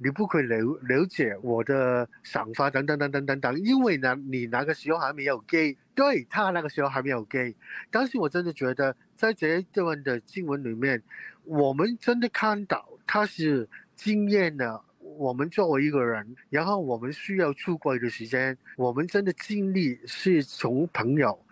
你不可以了了解我的想法等等等等等等，因為呢，你那個時候還沒有 gay，對他那個時候還沒有 gay，但是我真的覺得，在這段的經文裏面，我們真的看到他是經驗了，我們作為一個人，然後我們需要出櫃的時間，我們真的盡力是從朋友。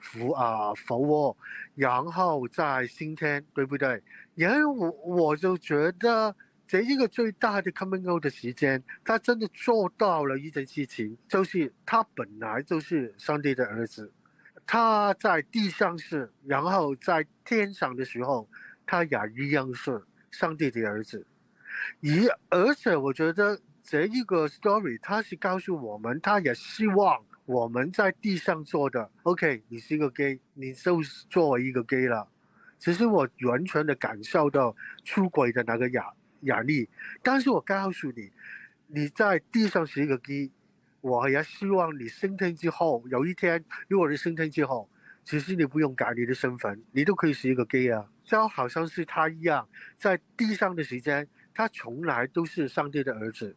復活啊，復活喎，然後再升天，對不對？然後我我就覺得，這一個最大的 coming out 的時間，他真的做到了一件事情，就是他本來就是上帝的兒子，他在地上是，然後在天上的時候，他也一樣是上帝的兒子。而而且我覺得。這一個 story，他是告訴我們，他也希望我們在地上做的，OK，你是一個 gay，你就做一個 gay 了，其實我完全的感受到出櫃的那個壓壓力，但是我告訴你，你在地上是一個 gay，我也希望你升天之後，有一天如果你升天之後，其實你不用改你的身份，你都可以是一個 gay 啊，就好像是他一樣，在地上的時間，他從來都是上帝的兒子。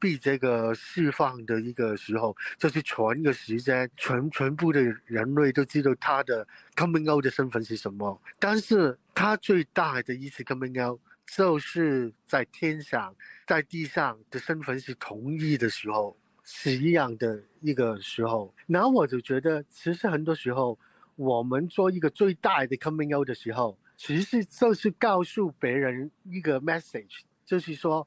被這個釋放的一個時候，就是全個時間，全全部的人類都知道他的 coming out 的身份是什麼。但是，他最大的一次 coming out，就是在天上、在地上的身份是同一的時候，是一樣的一個時候。那我就覺得，其實很多時候，我們做一個最大的 coming out 的時候，其實就是告訴別人一個 message，就是說。